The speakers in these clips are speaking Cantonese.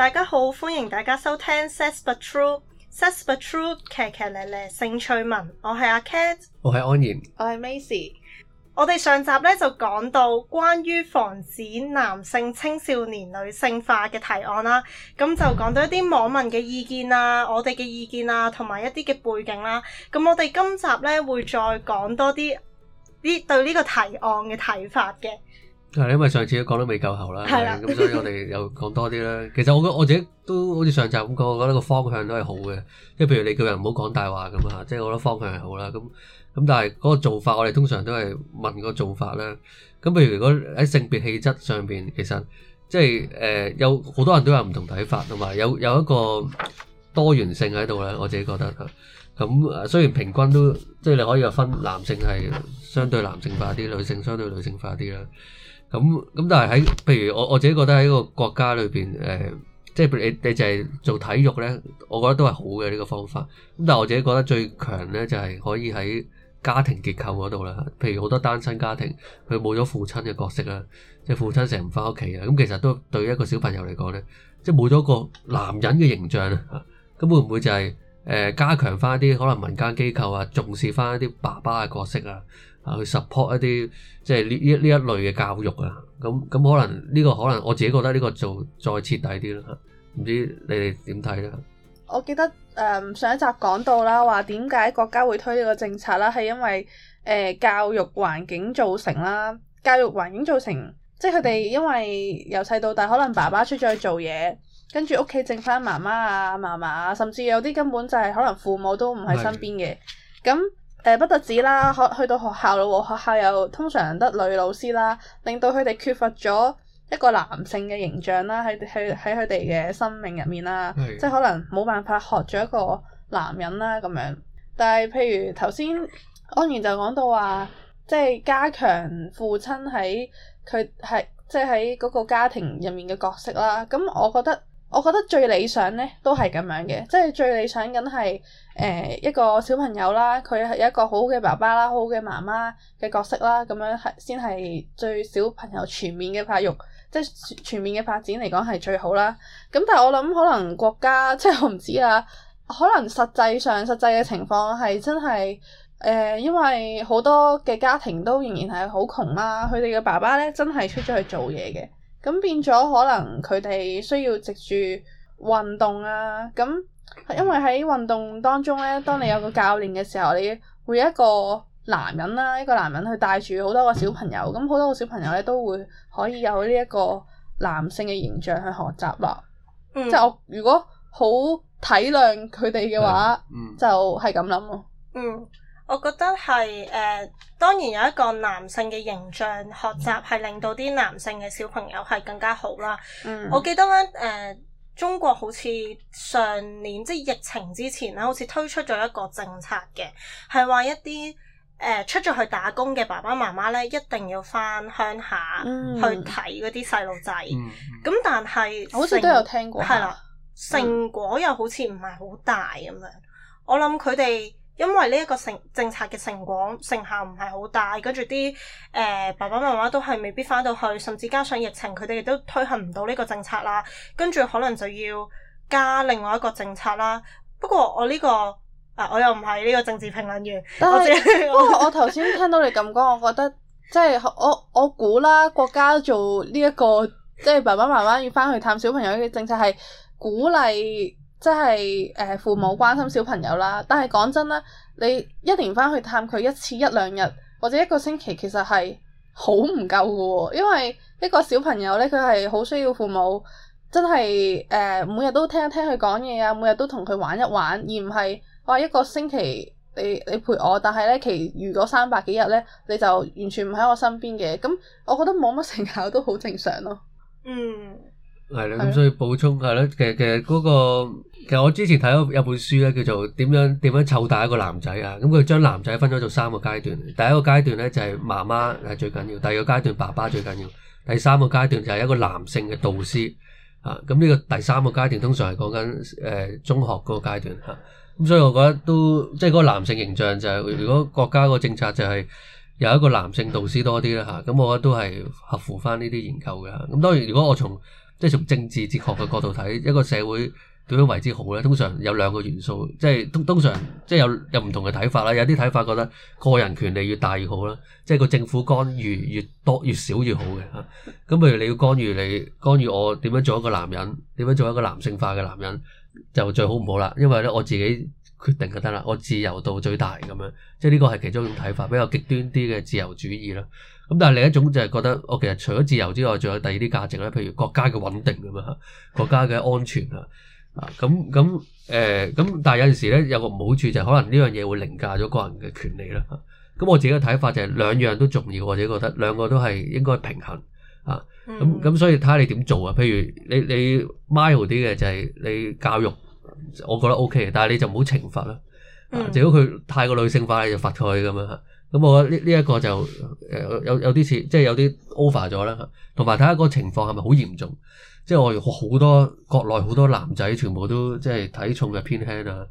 大家好，歡迎大家收聽《says but true》，《says but true》奇奇咧咧性趣聞，我係阿 Kate，我係安然，我係 Macy。我哋上集咧就講到關於防止男性青少年女性化嘅提案啦，咁就講到一啲網民嘅意見啊，我哋嘅意見啊，同埋一啲嘅背景啦。咁我哋今集咧會再講多啲呢對呢個提案嘅睇法嘅。係，因為上次都講得未夠喉啦，咁所以我哋又講多啲啦。其實我個我自己都好似上集咁講，我覺得個方向都係好嘅，即係譬如你叫人唔好講大話咁啊，即係我覺得方向係好啦。咁咁但係嗰個做法，我哋通常都係問個做法啦。咁譬如如果喺性別氣質上邊，其實即係誒有好多人都有唔同睇法，同埋有有一個多元性喺度咧。我自己覺得咁誒，雖然平均都即係你可以分男性係相對男性化啲，女性相對女性化啲啦。咁咁、嗯，但係喺譬如我我自己覺得喺一個國家裏邊，誒、呃，即係你你就係做體育咧，我覺得都係好嘅呢、這個方法。咁但係我自己覺得最強咧就係、是、可以喺家庭結構嗰度啦。譬如好多單身家庭，佢冇咗父親嘅角色啊，即係父親成日唔翻屋企啊。咁、嗯、其實都對一個小朋友嚟講咧，即係冇咗個男人嘅形象啊。咁會唔會就係、是、誒、呃、加強翻一啲可能民間機構啊，重視翻一啲爸爸嘅角色啊？去 support 一啲即係呢呢一類嘅教育啊，咁咁可能呢個可能我自己覺得呢個做再徹底啲啦，唔知你哋點睇咧？我記得誒上一集講到啦，話點解國家會推呢個政策啦，係因為誒教育環境造成啦，教育環境造成即係佢哋因為由細到大可能爸爸出咗去做嘢，跟住屋企剩翻媽媽啊、嫲嫲啊，甚至有啲根本就係可能父母都唔喺身邊嘅，咁的。誒、呃、不特止啦，學去到學校咯，學校又通常得女老師啦，令到佢哋缺乏咗一個男性嘅形象啦，喺喺喺佢哋嘅生命入面啦，的即係可能冇辦法學咗一個男人啦咁樣。但係譬如頭先安然就講到話，即係加強父親喺佢係即係喺嗰個家庭入面嘅角色啦。咁我覺得。我覺得最理想咧都係咁樣嘅，即係最理想梗係誒一個小朋友啦，佢係一個好好嘅爸爸啦，好好嘅媽媽嘅角色啦，咁樣係先係最小朋友全面嘅發育，即係全面嘅發展嚟講係最好啦。咁但係我諗可能國家即係我唔知啦，可能實際上實際嘅情況係真係誒、呃，因為好多嘅家庭都仍然係好窮啦，佢哋嘅爸爸咧真係出咗去做嘢嘅。咁變咗，可能佢哋需要藉住運動啊。咁，因為喺運動當中咧，當你有個教練嘅時候，你會一個男人啦、啊，一個男人去帶住好多個小朋友。咁好多個小朋友咧，都會可以有呢一個男性嘅形象去學習啦、啊。嗯、即係我如果好體諒佢哋嘅話，嗯、就係咁諗咯。嗯我覺得係誒、呃，當然有一個男性嘅形象學習係令到啲男性嘅小朋友係更加好啦。嗯、我記得咧誒、呃，中國好似上年即係疫情之前咧，好似推出咗一個政策嘅，係話一啲誒、呃、出咗去打工嘅爸爸媽媽咧，一定要返鄉下去睇嗰啲細路仔。嗯，咁但係好似都有聽過，係啦，成果又好似唔係好大咁樣。嗯、我諗佢哋。因為呢一個政政策嘅成果成效唔係好大，跟住啲誒爸爸媽媽都係未必翻到去，甚至加上疫情，佢哋亦都推行唔到呢個政策啦。跟住可能就要加另外一個政策啦。不過我呢個啊我又唔係呢個政治評論員，是不過我頭先 聽到你咁講，我覺得即係我我估啦，國家做呢一個即係爸爸媽媽要翻去探小朋友嘅政策係鼓勵。即係誒，父母關心小朋友啦。但係講真啦，你一年翻去探佢一次一兩日或者一個星期，其實係好唔夠噶喎。因為一個小朋友咧，佢係好需要父母，真係誒、呃，每日都聽一聽佢講嘢啊，每日都同佢玩一玩，而唔係話一個星期你你陪我，但係咧其餘個三百幾日咧，你就完全唔喺我身邊嘅。咁我覺得冇乜成效都好正常咯。嗯。係啦，咁所以補充下啦。其實其實嗰、那個，其實我之前睇到有本書咧，叫做《點樣點樣湊大一個男仔》啊、嗯。咁佢將男仔分咗做三個階段。第一個階段咧就係、是、媽媽係最緊要，第二個階段爸爸最緊要，第三個階段就係一個男性嘅導師啊。咁、這、呢個第三個階段通常係講緊誒中學嗰個階段吓。咁、啊、所以我覺得都即係嗰個男性形象就係、是，如果國家個政策就係有一個男性導師多啲啦吓。咁、啊、我覺得都係合乎翻呢啲研究嘅。咁、啊、當然，如果我從即係從政治哲學嘅角度睇，一個社會點樣為之好咧？通常有兩個元素，即係通通常即係有有唔同嘅睇法啦。有啲睇法，法覺得個人權利越大越好啦，即係個政府干預越多越少越好嘅。咁譬如你要干預你，干預我點樣做一個男人，點樣做一個男性化嘅男人，就最好唔好啦。因為咧，我自己決定就得啦，我自由到最大咁樣，即係呢個係其中一種睇法，比較極端啲嘅自由主義啦。咁但係另一種就係覺得，我其實除咗自由之外，仲有第二啲價值咧，譬如國家嘅穩定咁樣嚇，國家嘅安全啊，啊咁咁誒咁，但係有陣時咧有個唔好處就係可能呢樣嘢會凌駕咗個人嘅權利啦。咁、啊啊啊、我自己嘅睇法就係兩樣都重要，我自己覺得兩個都係應該平衡啊。咁咁、嗯啊、所以睇下你點做啊？譬如你你，你 mild 啲嘅就係你教育。我覺得 OK 嘅，但係你就唔好懲罰啦。如果佢太過女性化，你就罰佢咁樣吓。咁我覺得呢呢一個就誒有有啲似，即係有啲 over 咗啦。同埋睇下個情況係咪好嚴重。即係我好多國內好多男仔，全部都即係體重又偏輕啊，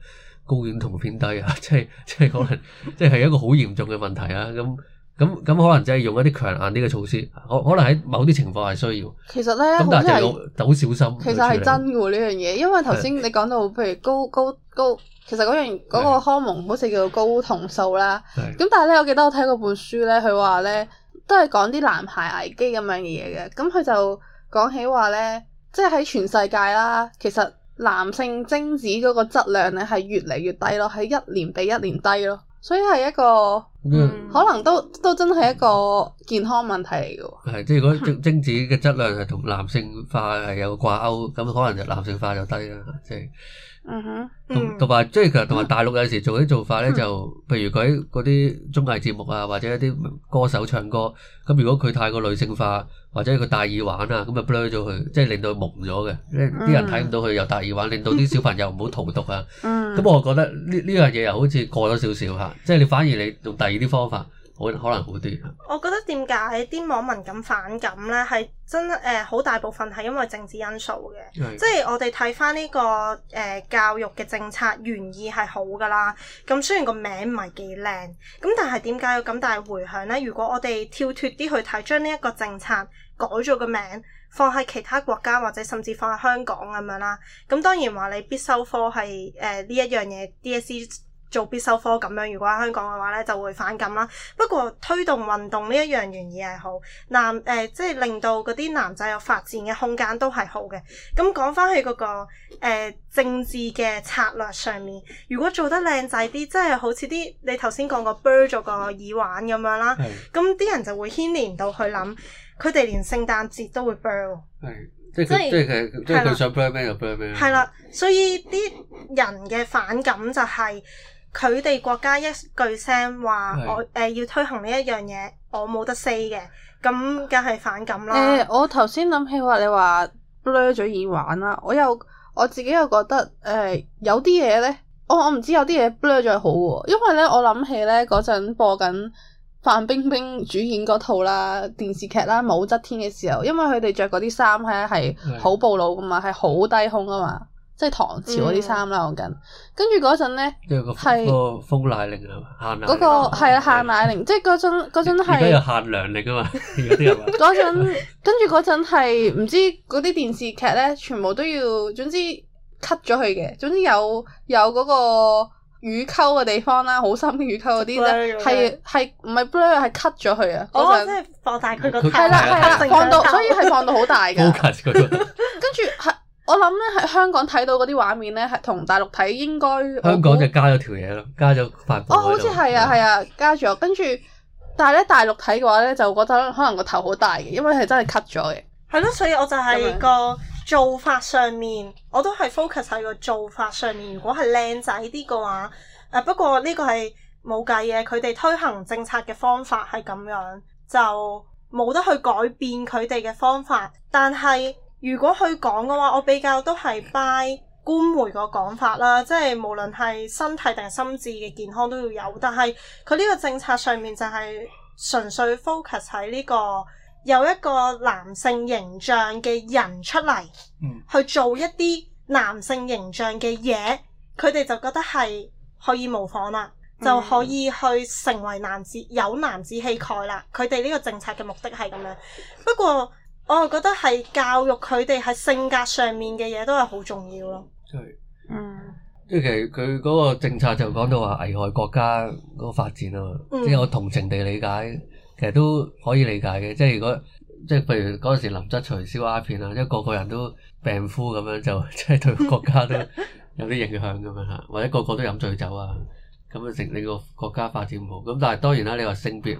睾丸酮偏低啊，即係即係可能即係一個好嚴重嘅問題啊咁。咁咁可能就係用一啲強硬啲嘅措施，可可能喺某啲情況係需要。其實咧，咁但係就好小心。其實係真㗎喎呢樣嘢，因為頭先你講到譬是的 如高高高，其實嗰樣嗰是的 個荷蒙好似叫做高酮素啦。咁是的 但係咧，我記得我睇過本書咧，佢話咧都係講啲男孩危機咁樣嘅嘢嘅。咁佢就講起話咧，即係喺全世界啦，其實男性精子嗰個質量咧係越嚟越低咯，喺一年比一年低咯。所以係一個，嗯、可能都都真係一個健康問題嚟嘅。係，即係如果精子嘅質量係同男性化係有個掛鈎，咁可能就男性化就低啦。即係。嗯哼，同埋即係其實同埋大陸有陣時做啲做法咧，嗯、就譬如佢啲嗰啲綜藝節目啊，或者一啲歌手唱歌，咁如果佢太過女性化，或者佢戴耳環啊，咁啊 blur 咗佢，即係令到佢蒙咗嘅，啲、嗯、人睇唔到佢又戴耳環，嗯、令到啲小朋友唔好荼毒啊。咁、嗯、我覺得呢呢樣嘢又好似過咗少少吓，即係你反而你用第二啲方法。我可能好啲。我覺得點解啲網民咁反感呢？係真誒好、呃、大部分係因為政治因素嘅。的即係我哋睇返呢個誒、呃、教育嘅政策原意係好㗎啦。咁雖然個名唔係幾靚，咁但係點解有咁大回響呢？如果我哋跳脫啲去睇，將呢一個政策改咗個名，放喺其他國家或者甚至放喺香港咁樣啦。咁當然話你必修科係誒呢一樣嘢，DSE，呃這個做必修科咁樣，如果喺香港嘅話咧，就會反感啦。不過推動運動呢一樣原意係好男誒，即係令到嗰啲男仔有發展嘅空間都係好嘅。咁講翻去嗰個誒政治嘅策略上面，如果做得靚仔啲，即係好似啲你頭先講個 burst 個耳環咁樣啦，咁啲人就會牽連到去諗，佢哋連聖誕節都會 burst 係，即係即係佢想 burst 咩就 burst 咩。係啦，所以啲人嘅反感就係。佢哋國家一句聲話我誒要推行呢一樣嘢，的我冇得 say 嘅，咁梗係反感啦。誒、欸，我頭先諗起話你話 blur 咗耳玩啦，我又我自己又覺得誒、欸、有啲嘢咧，我我唔知有啲嘢 blur 咗係好喎、啊，因為咧我諗起咧嗰陣播緊范冰冰主演嗰套啦電視劇啦《武則天》嘅時候，因為佢哋着嗰啲衫咧係好暴露噶嘛，係好的低胸啊嘛。即係唐朝嗰啲衫啦，講緊，跟住嗰陣咧，係個風奶領係嘛？嗰個係啊，限奶領，即係嗰陣嗰陣係。而家有限量嚟噶嘛？而家嗰陣跟住嗰陣係唔知嗰啲電視劇咧，全部都要總之 cut 咗佢嘅，總之有有嗰個乳溝嘅地方啦，好深乳溝嗰啲咧，係係唔係 blur 係 cut 咗佢啊？哦，即係放大佢個係啦係啦，放到所以係放到好大嘅。跟住我諗咧，喺香港睇到嗰啲畫面咧，係同大陸睇應該香港就猜加咗條嘢咯，加咗塊布喺度。哦，好似係啊，係、嗯、啊，啊，加咗。跟住，但係咧大陸睇嘅話咧，就覺得可能個頭好大嘅，因為係真係 cut 咗嘅。係咯，所以我就係個做法上面，吧我都係 focus 喺個做法上面。如果係靚仔啲嘅話，誒不過呢個係冇計嘅。佢哋推行政策嘅方法係咁樣，就冇得去改變佢哋嘅方法。但係。如果佢講嘅話，我比較都係 buy 官媒個講法啦，即係無論係身體定係心智嘅健康都要有。但係佢呢個政策上面就係純粹 focus 喺呢個有一個男性形象嘅人出嚟，嗯、去做一啲男性形象嘅嘢，佢哋就覺得係可以模仿啦，就可以去成為男子有男子氣概啦。佢哋呢個政策嘅目的係咁樣，不過。我係覺得係教育佢哋係性格上面嘅嘢都係好重要咯、嗯。係，嗯，即係其實佢嗰個政策就講到話危害國家嗰個發展啊，嘛。嗯、即係我同情地理解，其實都可以理解嘅。即係如果即係譬如嗰陣時林則徐燒鴉片啊，即係個個人都病夫咁樣，就即係對國家都有啲影響咁樣嚇。 或者個個都飲醉酒啊，咁啊成你個國家發展唔好。咁但係當然啦，你話性別。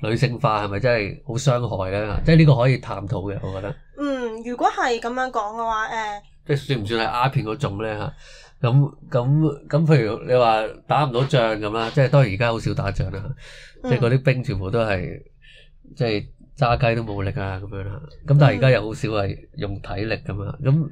女性化係咪真係好傷害咧？即係呢個可以探討嘅，我覺得。嗯，如果係咁樣講嘅話，誒、uh，即係算唔算係鴉片嗰種咧？嚇，咁咁咁，譬如你話打唔到仗咁啦，即係當然而家好少打仗啦、嗯，即係嗰啲兵全部都係即係揸雞都冇力啊咁樣啦。咁但係而家又好少係用體力咁啊。咁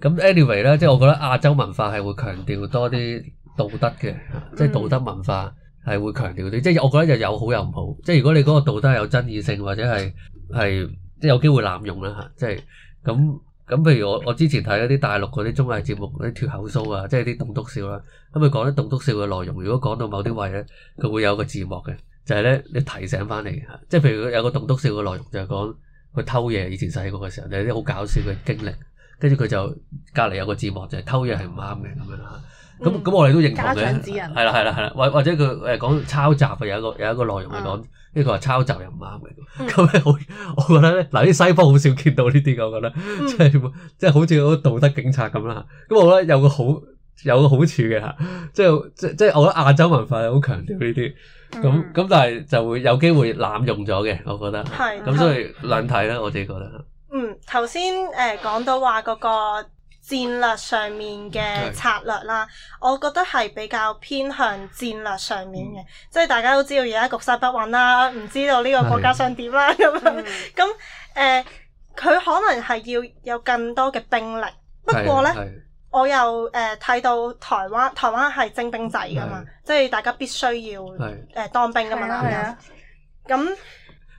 咁 anyway 咧，Any way，即係我覺得亞洲文化係會強調多啲道德嘅，嗯、即係道德文化。係會強調啲，即係我覺得又有好有唔好。即係如果你嗰個道德係有爭議性，或者係係即係有機會濫用啦嚇，即係咁咁。譬如我我之前睇嗰啲大陸嗰啲綜藝節目嗰啲脫口秀啊，即係啲棟篤笑啦。咁佢講啲棟篤笑嘅內容，如果講到某啲位咧，佢會有個字幕嘅，就係咧你提醒翻嚟。即係譬如佢有個棟篤笑嘅內容就係講佢偷嘢，以前細個嘅時候，就係啲好搞笑嘅經歷。跟住佢就隔籬有個字幕就係偷嘢係唔啱嘅咁樣啦。咁咁、嗯、我哋都認同嘅，係啦係啦係啦，或或者佢誒講抄襲嘅有一個有一個內容會講，跟住佢話抄襲又唔啱嘅，咁咧我我覺得咧，嗱啲西方好少見到呢啲我覺得即係即係好似道德警察咁啦。咁我覺得有個好有個好處嘅吓，即係即即係我覺得亞洲文化好強調呢啲，咁咁但係就會有機會濫用咗嘅，我覺得。係、嗯。咁所以兩睇啦，我自己覺得。嗯，頭先誒講到話、那、嗰個。戰略上面嘅策略啦，我覺得係比較偏向戰略上面嘅，即係大家都知道而家局勢不穩啦，唔知道呢個國家想點啦咁樣。咁誒，佢可能係要有更多嘅兵力，不過呢，我又誒睇到台灣，台灣係徵兵制噶嘛，即係大家必須要誒當兵噶嘛，大家。咁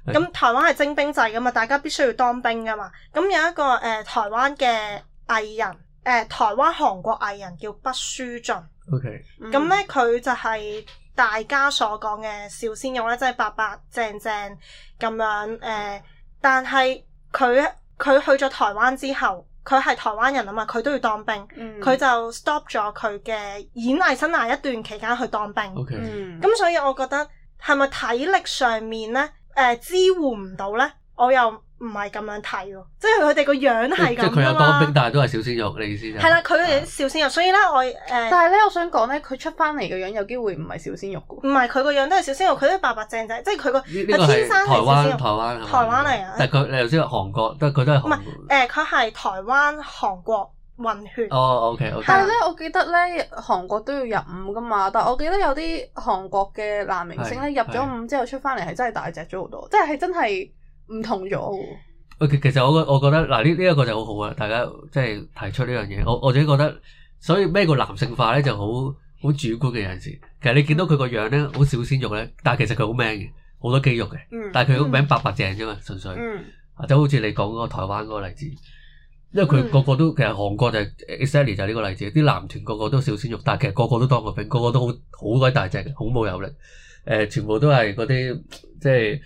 咁，台灣係徵兵制噶嘛，大家必須要當兵噶嘛。咁有一個誒，台灣嘅藝人誒、呃，台灣韓國藝人叫畢書盡。O K. 咁咧，佢、mm hmm. 就係大家所講嘅小鮮肉咧，即、就、係、是、白白淨正咁樣誒、呃。但係佢佢去咗台灣之後，佢係台灣人啊嘛，佢都要當兵，佢、mm hmm. 就 stop 咗佢嘅演藝生涯一段期間去當兵。O K. 咁所以我覺得係咪體力上面咧誒、呃、支援唔到咧？我又。唔係咁樣睇喎，即係佢哋個樣係咁樣。佢有當兵，但係都係小鮮肉，你意思係？係啦，佢哋小鮮肉，所以咧我誒，呃、但係咧我想講咧，佢出翻嚟嘅樣有機會唔係小鮮肉，唔係佢個樣都係小鮮肉，佢都白白淨仔，即係佢這個係天生小鮮肉，台灣台灣台灣嚟啊！但係佢你又知話韓國，都佢都係唔係誒，佢係、呃、台灣韓國混血。哦、oh，OK OK。但係咧，我記得咧韓國都要入伍噶嘛，但係我記得有啲韓國嘅男明星咧是入咗伍之後出翻嚟係真係大隻咗好多，即係係真係。唔同咗其其實我覺我覺得，嗱，呢呢一個就好好啦，大家即係提出呢樣嘢，我我自己覺得所以咩叫男性化呢？就好好主觀嘅。有陣時其實你見到佢個樣呢，好小鮮肉呢。但係其實佢好 man 嘅，好多肌肉嘅，但係佢個名白白淨啫嘛，純粹，嗯、就好似你講嗰個台灣嗰個例子，因為佢個個都其實韓國就 exactly 就係呢個例子，啲男團個個都小鮮肉，但係其實個個都當過兵，個個都好好鬼大隻嘅，好孔武有力，誒、呃，全部都係嗰啲即係。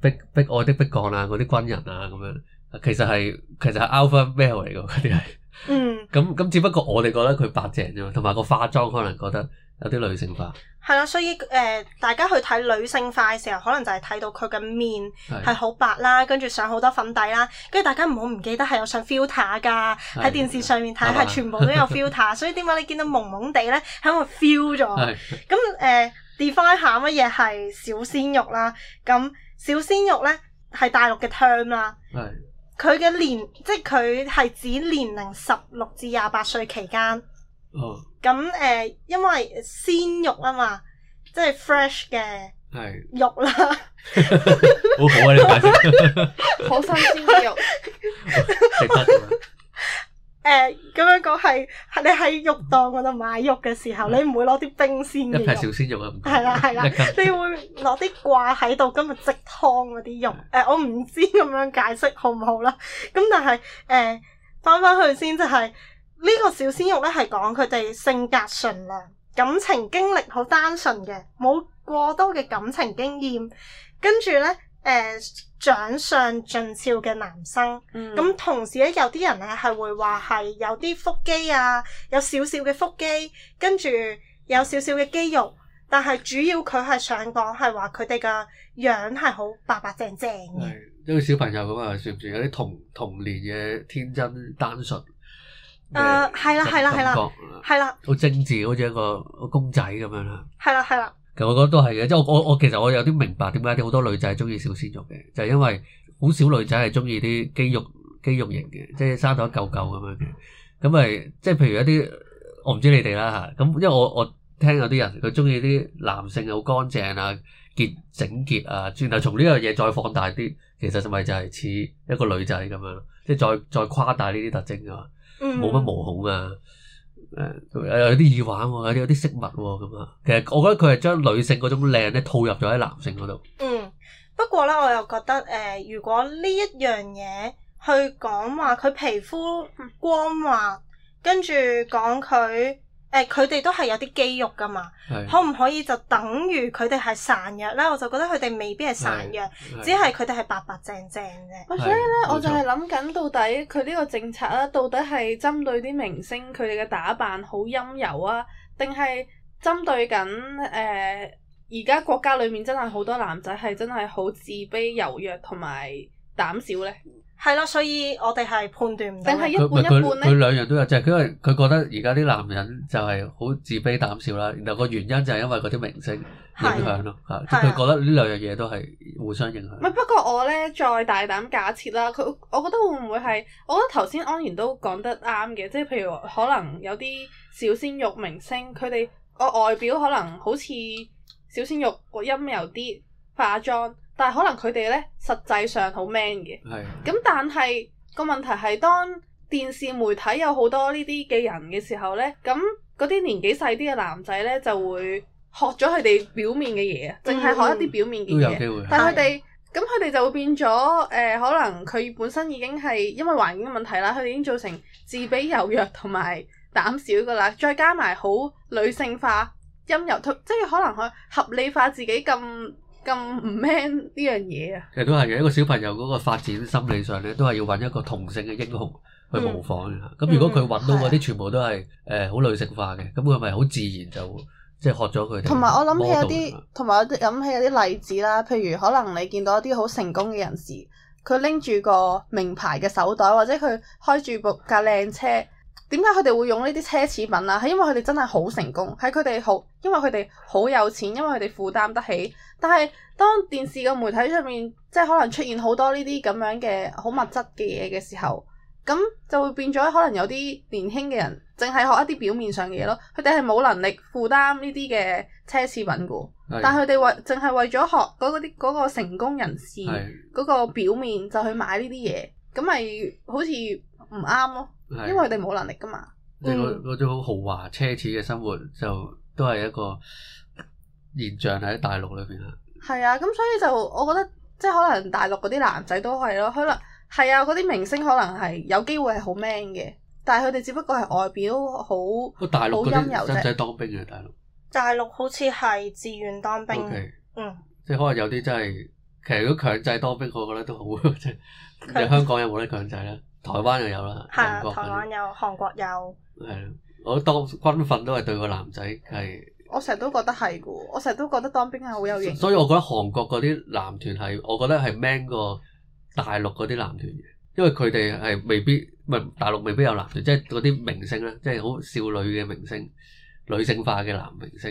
逼逼，愛的逼降啦，嗰啲軍人啊，咁樣，其實係其實係 Alpha Male 嚟嘅。嗰啲係，嗯，咁咁只不過我哋覺得佢白淨啫，同埋個化妝可能覺得有啲女性化。係啦，所以誒，大家去睇女性化嘅時候，可能就係睇到佢嘅面係好白啦，跟住上好多粉底啦，跟住大家唔好唔記得係有上 filter 噶，喺電視上面睇係全部都有 filter，所以點解你見到蒙蒙地咧，喺度 feel 咗？咁誒，define 下乜嘢係小鮮肉啦，咁。小鮮肉咧係大陸嘅 term 啦，佢嘅年即係佢係指年齡十六至廿八歲期間。哦，咁、呃、誒，因為鮮肉啊嘛，即係 fresh 嘅肉啦、啊，好可愛，你睇解，好 新鮮嘅肉。 誒咁、呃、樣講係，你喺肉檔嗰度買肉嘅時候，嗯、你唔會攞啲冰鮮肉。一塊小鮮肉啊！係啦係啦， 你會攞啲掛喺度，今日即湯嗰啲肉。誒、呃，我唔知咁樣解釋好唔好啦。咁但係誒，翻、呃、翻去先就係、是、呢、這個小鮮肉咧，係講佢哋性格純良，感情經歷好單純嘅，冇過多嘅感情經驗。跟住咧誒。呃長相俊俏嘅男生，咁、嗯、同時咧，有啲人咧係會話係有啲腹肌啊，有少少嘅腹肌，跟住有少少嘅肌肉，但係主要佢係想講係話佢哋嘅樣係好白白淨淨嘅。一、嗯這個小朋友咁啊，算唔算有啲童童年嘅天真單純？誒、呃，係啦係啦係啦，係啦，好精致好似一個公仔咁樣啦。係啦係啦。我覺得都係嘅，即係我我其實我有啲明白點解啲好多女仔係中意小鮮肉嘅，就係因為好少女仔係中意啲肌肉肌肉型嘅，即係生咗一嚿嚿咁樣嘅，咁咪即係譬如一啲我唔知你哋啦吓，咁因為我我聽有啲人佢中意啲男性好乾淨啊、潔、整潔啊，轉頭從呢樣嘢再放大啲，其實咪就係似一個女仔咁樣，即係再再誇大呢啲特徵啊，冇乜毛孔啊。誒，有啲耳環喎，有啲有啲飾物喎，咁啊。其實我覺得佢係將女性嗰種靚咧套入咗喺男性嗰度。嗯，不過咧，我又覺得誒、呃，如果呢一樣嘢去講話佢皮膚光滑，跟住講佢。誒，佢哋都係有啲肌肉噶嘛，是可唔可以就等於佢哋係孱弱呢？我就覺得佢哋未必係孱弱，只係佢哋係白白淨淨嘅。是所以呢，錯我就係諗緊到底佢呢個政策咧，到底係針對啲明星佢哋嘅打扮好陰柔啊，定係針對緊誒而家國家裏面真係好多男仔係真係好自卑柔弱同埋膽小呢？係咯，所以我哋係判斷唔到一半一半，佢佢兩樣都有，即係佢佢覺得而家啲男人就係好自卑膽小啦。然後個原因就係因為嗰啲明星影響咯嚇，佢係，係，覺得呢兩樣嘢都係互相影響。唔係不，不過我咧再大膽假設啦，佢我覺得會唔會係？我覺得頭先安然都講得啱嘅，即係譬如可能有啲小鮮肉明星，佢哋個外表可能好似小鮮肉個陰柔有啲化妝。但係可能佢哋咧，實際上好 man 嘅。係。咁但係、個問題係，當電視媒體有好多呢啲嘅人嘅時候咧，咁嗰啲年紀細啲嘅男仔咧就會學咗佢哋表面嘅嘢啊，淨係學一啲表面嘅嘢。嗯、都有機會。但係佢哋咁，佢哋、嗯、就會變咗誒、呃，可能佢本身已經係因為環境嘅問題啦，佢哋已經造成自卑、柔弱同埋膽小噶啦。再加埋好女性化、陰柔，即係可能佢合理化自己咁。咁唔 man 呢樣嘢啊！其實都係嘅，一個小朋友嗰個發展心理上咧，都係要搵一個同性嘅英雄去模仿嘅。咁、嗯嗯、如果佢搵到嗰啲全部都係誒好女性化嘅，咁佢咪好自然就即係、就是、學咗佢。同埋我諗起有啲，同埋我諗起有啲例子啦。譬如可能你見到一啲好成功嘅人士，佢拎住個名牌嘅手袋，或者佢開住部架靚車。點解佢哋會用呢啲奢侈品啊？係因為佢哋真係好成功，係佢哋好，因為佢哋好有錢，因為佢哋負擔得起。但係當電視嘅媒體上面，即係可能出現好多呢啲咁樣嘅好物質嘅嘢嘅時候，咁就會變咗可能有啲年輕嘅人淨係學一啲表面上嘅嘢咯。佢哋係冇能力負擔呢啲嘅奢侈品嘅，是但係佢哋為淨係為咗學嗰嗰啲嗰個成功人士嗰是個表面就去買呢啲嘢，咁咪好似唔啱咯。因為佢哋冇能力噶嘛，即係嗰嗰種好豪華奢侈嘅生活就都係一個現象喺大陸裏邊啦。係啊，咁所以就我覺得，即係可能大陸嗰啲男仔都係咯，可能係啊，嗰啲明星可能係有機會係好 man 嘅，但係佢哋只不過係外表好，大陸嗰啲男仔當兵嘅大陸，大陸好似係自願當兵，okay, 嗯，即係可能有啲真係，其實如果強制當兵，我覺得都好，即係香港有冇得強制咧？台灣又有啦，嚇的！韓國有台灣有，韓國有。係咯，我當軍訓都係對個男仔係。我成日都覺得係嘅，我成日都覺得當兵係好有型所，所以，我覺得韓國嗰啲男團係，我覺得係 man 過大陸嗰啲男團嘅，因為佢哋係未必，唔係大陸未必有男團，即係嗰啲明星咧，即係好少女嘅明星，女性化嘅男明星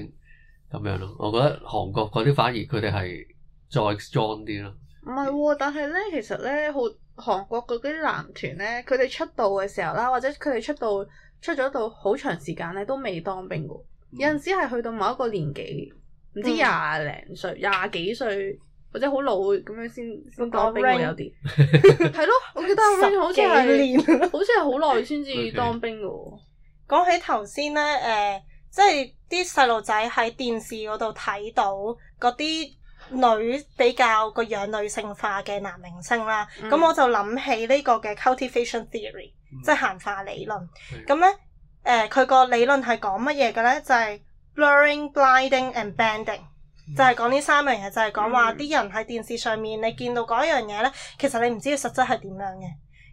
咁樣咯。我覺得韓國嗰啲反而佢哋係再 strong 啲咯。唔係喎，但係咧，其實咧，好。韓國嗰啲男團咧，佢哋出道嘅時候啦，或者佢哋出道出咗到好長時間咧，都未當兵嘅。有陣時係去到某一個年紀，唔知廿零歲、廿幾、嗯、歲、歲或者好老咁樣先當兵有啲。係 咯，我記得好似係， 好似係好耐先至當兵嘅。Okay. 講起頭先咧，誒、呃，即係啲細路仔喺電視嗰度睇到嗰啲。女比較個樣女性化嘅男明星啦，咁、mm. 我就諗起呢個嘅 cultivation theory、mm. 即係涵化理論。咁咧、mm. 誒佢個理論係講乜嘢嘅咧？就係、是、blurring、blinding and bending、mm. 就係講呢三樣嘢，就係講話啲人喺電視上面、mm. 你見到嗰樣嘢咧，其實你唔知佢實質係點樣嘅。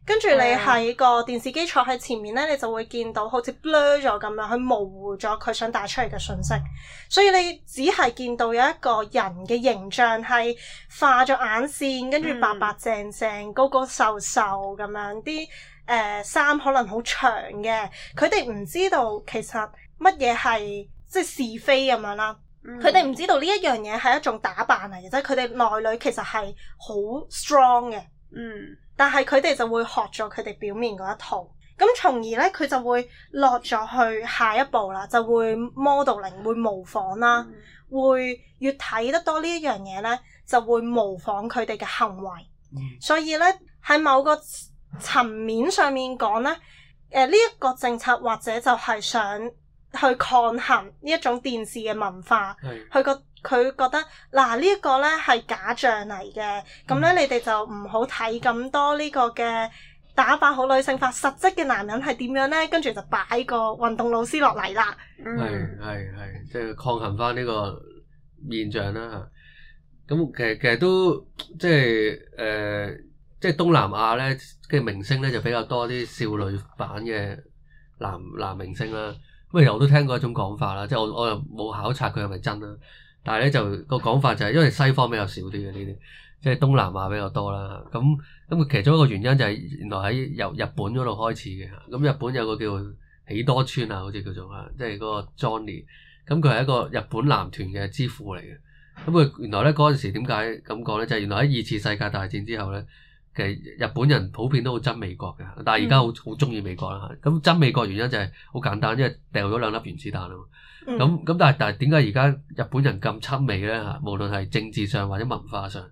跟住你喺個電視機坐喺前面咧，你就會見到好似 blur 咗咁樣，佢模糊咗佢想打出嚟嘅信息。所以你只係見到有一個人嘅形象係化咗眼線，跟住白白淨淨、嗯、高高瘦瘦咁樣，啲誒衫可能好長嘅。佢哋唔知道其實乜嘢係即係是，是非咁樣啦。佢哋唔知道呢一樣嘢係一種打扮嚟嘅即係。佢哋內裏其實係好 strong 嘅。嗯。但係佢哋就會學咗佢哋表面嗰一套，咁從而咧佢就會落咗去下一步啦，就會 modeling 會模仿啦，會越睇得多呢一樣嘢咧，就會模仿佢哋嘅行為。嗯、所以咧喺某個層面上面講咧，誒呢一個政策或者就係想去抗衡呢一種電視嘅文化，嗯、去個。佢覺得嗱呢一個咧係假象嚟嘅，咁咧、嗯、你哋就唔好睇咁多呢個嘅打扮好女性化、實質嘅男人係點樣咧？跟住就擺個運動老師落嚟啦。係係係，即係抗衡翻呢個現象啦。咁其實其實都即係誒，即係、呃、東南亞咧嘅明星咧就比較多啲少女版嘅男男明星啦。咁其實我都聽過一種講法啦，即係我我又冇考察佢係咪真啦。但係咧就個講法就係、是、因為西方比較少啲嘅呢啲，即係東南亞比較多啦。咁咁佢其中一個原因就係原來喺由日本嗰度開始嘅。咁日本有個叫做喜多川啊，好似叫做嚇，即係嗰個 Johnny。咁佢係一個日本男團嘅之父嚟嘅。咁佢原來咧嗰陣時點解咁講咧？就係、是、原來喺二次世界大戰之後咧，其實日本人普遍都好憎美國嘅，但係而家好好中意美國啦。咁憎美國原因就係好簡單，因為掉咗兩粒原子彈。啊。咁咁但係，但係，點解而家日本人咁親美咧吓？無論係政治上或者文化上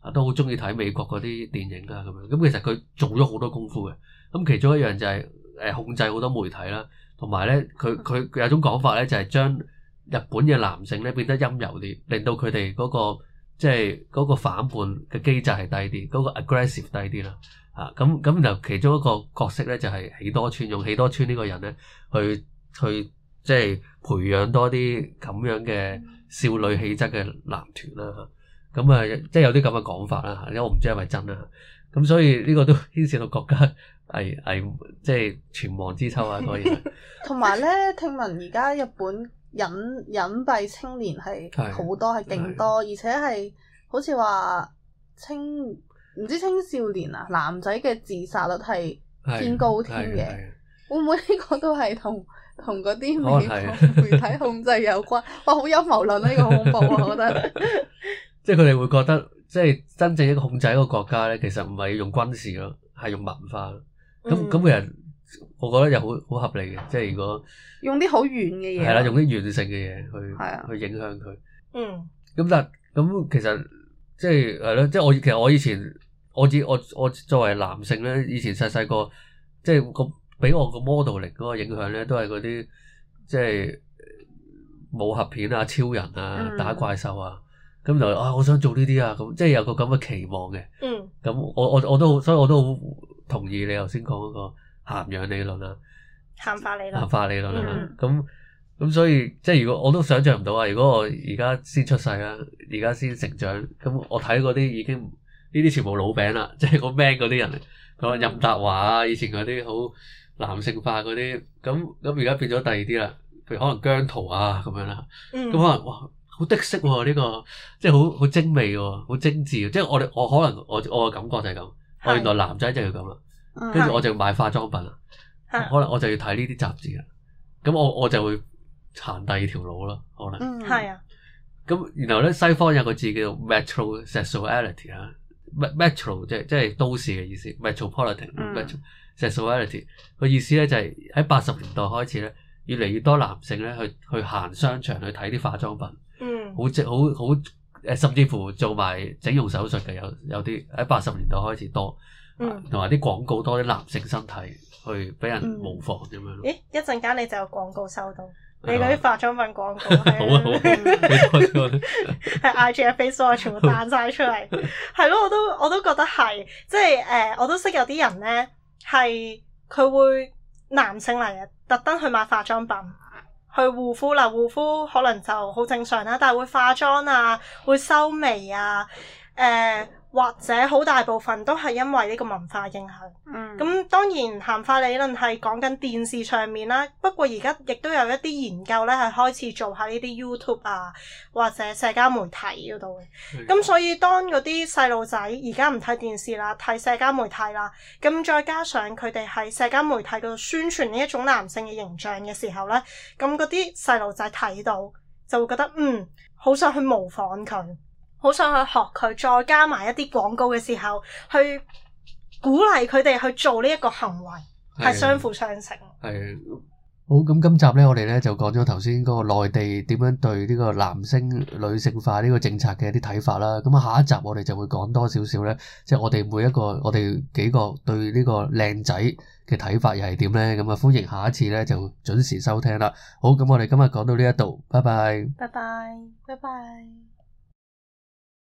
啊，都好中意睇美國嗰啲電影啊咁樣。咁其實佢做咗好多功夫嘅。咁其中一樣就係誒控制好多媒體啦，同埋咧佢佢有種講法咧，就係將日本嘅男性咧變得陰柔啲，令到佢哋嗰個即係嗰個反叛嘅機制係低啲，嗰個 aggressive 低啲啦。啊咁咁就其中一個角色咧就係喜多川，用喜多川呢個人咧去去。即係培養多啲咁樣嘅少女氣質嘅男團啦，咁啊即係有啲咁嘅講法啦，因為我唔知係咪真啊，咁所以呢個都牽涉到國家係係，即係存亡之秋啊！所以。同埋咧，聽聞而家日本隱隱蔽青年係好多，係勁多，而且係好似話青唔知青少年啊，男仔嘅自殺率係偏高添嘅，會唔會呢個都係同？同嗰啲媒媒體控制有關，哇想！好陰謀論，呢個恐怖啊，我覺得。即係佢哋會覺得，即、就、係、是、真正一個控制一個國家咧，其實唔係用軍事咯，係用文化。咁咁其實，我覺得又好好合理嘅。即係如果用啲好遠嘅嘢，係啦，用啲遠性嘅嘢去，係啊，去影響佢。嗯。咁但咁其實即係係咯，即係我其實我以前，我只我我作為男性咧，以前細細個即係咁。俾我個 model 嚟嗰個影響咧，都係嗰啲即係武俠片啊、超人啊、打怪獸啊，咁就啊，我想做呢啲啊，咁即係有個咁嘅期望嘅。嗯，咁我我我都所以我都好同意你頭先講嗰個涵養理論啊，涵化理論，涵化理論啊。咁咁、嗯、所以即係如果我都想象唔到啊，如果我而家先出世啊，而家先成長，咁我睇嗰啲已經呢啲全部老餅啦，即係個 man 嗰啲人，佢話任達華啊，以前嗰啲好。嗯男性化嗰啲，咁咁而家變咗第二啲啦，譬如可能姜濤啊咁樣啦，咁可能哇好得色喎呢個，即係好好精美喎，好精緻，即係我哋我可能我我嘅感覺就係咁，我原來男仔就係咁啦，跟住我就要買化妝品啦，可能我就要睇呢啲雜誌啦，咁我我就會行第二條路咯，可能。嗯，係啊。咁然後咧，西方有個字叫做 metrosexuality 啊，metro，即係即係都市嘅意思，metropolitan。sexual vanity 個意思咧就係喺八十年代開始咧，越嚟越多男性咧去去行商場去睇啲化妝品，嗯，好值好好誒，甚至乎做埋整容手術嘅有有啲喺八十年代開始多，同埋啲廣告多啲男性身體去俾人模仿咁樣咯。誒、mm.，一陣間你就有廣告收到，你嗰啲化妝品廣告，好啊好，係 I G Facebook 全部彈晒出嚟，係咯，我都我都覺得係，即係誒，我都識有啲人咧。係佢會男性嚟嘅，特登去買化妝品，去護膚啦，護膚可能就好正常啦，但係會化妝啊，會修眉啊，誒、呃。或者好大部分都係因為呢個文化影響。咁、嗯、當然涵化理論係講緊電視上面啦，不過而家亦都有一啲研究咧係開始做喺呢啲 YouTube 啊，或者社交媒體嗰度嘅。咁、嗯、所以當嗰啲細路仔而家唔睇電視啦，睇社交媒體啦，咁再加上佢哋喺社交媒體嗰度宣傳呢一種男性嘅形象嘅時候咧，咁嗰啲細路仔睇到就會覺得嗯，好想去模仿佢。好想去學佢，再加埋一啲廣告嘅時候，去鼓勵佢哋去做呢一個行為，係相輔相成。係好。咁，今集呢，我哋呢就講咗頭先嗰個內地點樣對呢個男性女性化呢個政策嘅一啲睇法啦。咁啊，下一集我哋就會講多少少呢，即係我哋每一個，我哋幾個對呢個靚仔嘅睇法又係點呢？咁啊，歡迎下一次呢就準時收聽啦。好，咁我哋今日講到呢一度，拜拜，拜拜，拜拜。